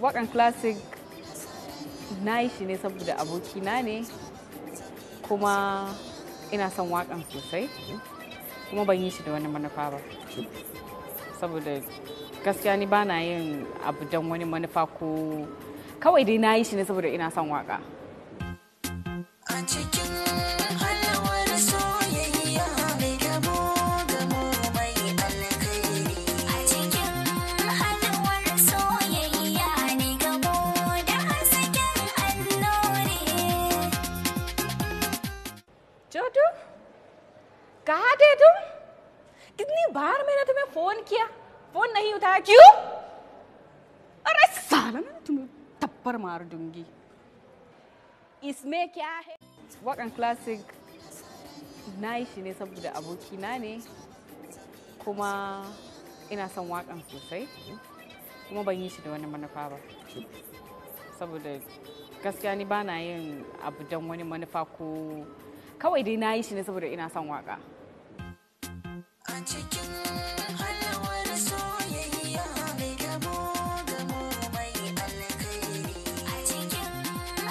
wakan classic na yi shi ne saboda abokina ne kuma ina son wakan sosai kuma ban yi shi da wani manufa ba saboda gaskiya ni ba na yin abu don wani manufa ko kawai dai na yi shi ne saboda ina son waka कहा थे तुम कितनी बार मैंने तुम्हें phone किया phone नहीं उठाया क्यों अरे साला मैं तुम्हें थप्पड़ मार दूंगी इसमें क्या है wakan classic na yi shi ne saboda abokina ne kuma ina son wakan sosai kuma ban yi shi da wani manufa ba saboda gaskiya ni bana yin abu don wani manufa ko kawai dai na yi shi ne saboda ina son waka a cikin halawar soyayya a cikin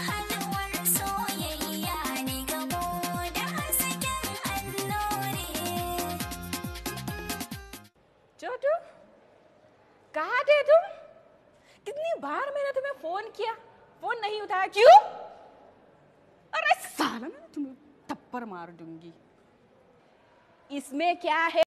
halawar soyayya मैंने तुम्हें phone किया phone नहीं उठाया क्यों अरे साला मैंने तुम्हें थप्पड़ मार दूंगी इसमें क्या है